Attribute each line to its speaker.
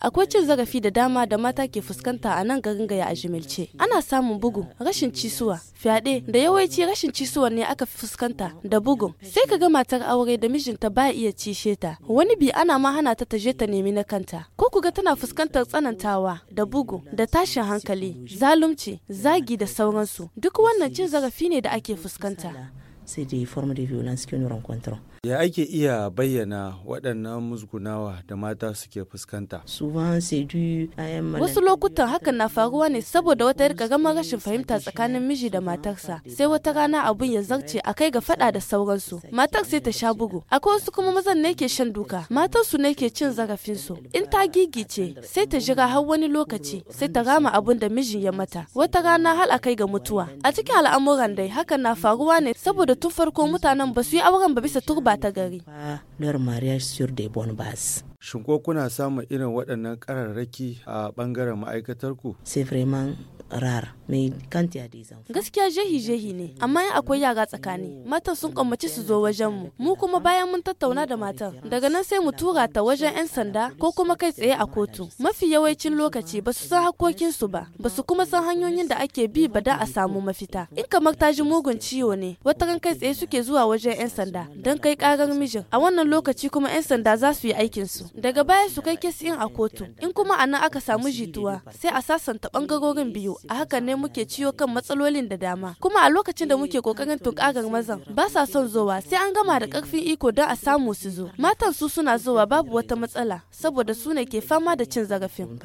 Speaker 1: Akwai cin zarafi da dama da mata ke fuskanta a nan garin gaya a jimilce. Ana samun bugu, rashin cisuwa, fyaɗe da yawanci rashin cisuwa ne aka fuskanta da bugun. Sai ka ga matar aure da mijinta ba iya cishe ta. Wani bi ana ma hana ta taje ta nemi na kanta. Ko ku tana fuskantar tsanantawa da bugu da tashin hankali, zalunci, zagi da sauransu. Duk wannan cin zarafi ne da ake fuskanta.
Speaker 2: C'est des formes de violence que nous rencontrons. Ya ake iya bayyana waɗannan musgunawa da mata suke fuskanta? Wasu
Speaker 1: lokutan hakan na faruwa ne saboda wata yarka gama rashin fahimta tsakanin miji da matarsa sai wata rana abun ya zarce a kai ga fada da sauransu. Matar sai ta sha bugu. Akwai wasu kuma mazan ne ke shan duka. Matarsu ne ke cin zarafinsu. In ta gigice sai ta jira har wani lokaci sai ta rama abun da miji ya mata. Wata rana har a kai ga mutuwa. A cikin al'amuran dai hakan na faruwa ne saboda tun farko mutanen ba su yi auren ba bisa turba ba ta gari.
Speaker 2: Shin ko kuna samun irin waɗannan ƙararraki a ɓangaren ma'aikatarku? rar mai
Speaker 1: Gaskiya jehi jehi ne, amma in akwai yara tsakani, matan sun kammaci su zo wajen mu. Mu kuma bayan mun tattauna da matan, daga nan sai mu tura ta wajen 'yan sanda ko kuma kai tsaye a kotu. Mafi yawancin lokaci ba su san hakokin su ba, ba su kuma san hanyoyin da ake bi ba da a samu mafita. In kamar ta ji mugun ciwo ne, wata ran kai tsaye suke zuwa wajen 'yan sanda don kai karar mijin. A wannan lokaci kuma 'yan sanda za su yi aikin su. daga baya su kai kes in a kotu in kuma a nan aka samu jituwa sai a sasanta bangarorin biyu a haka ne muke ciyo kan matsalolin da dama kuma a lokacin da muke kokarin tunkarar mazan ba sa son zowa sai an gama da karfin iko don a samu su zo matan su suna zowa babu wata matsala saboda su ne ke fama da cin zarafin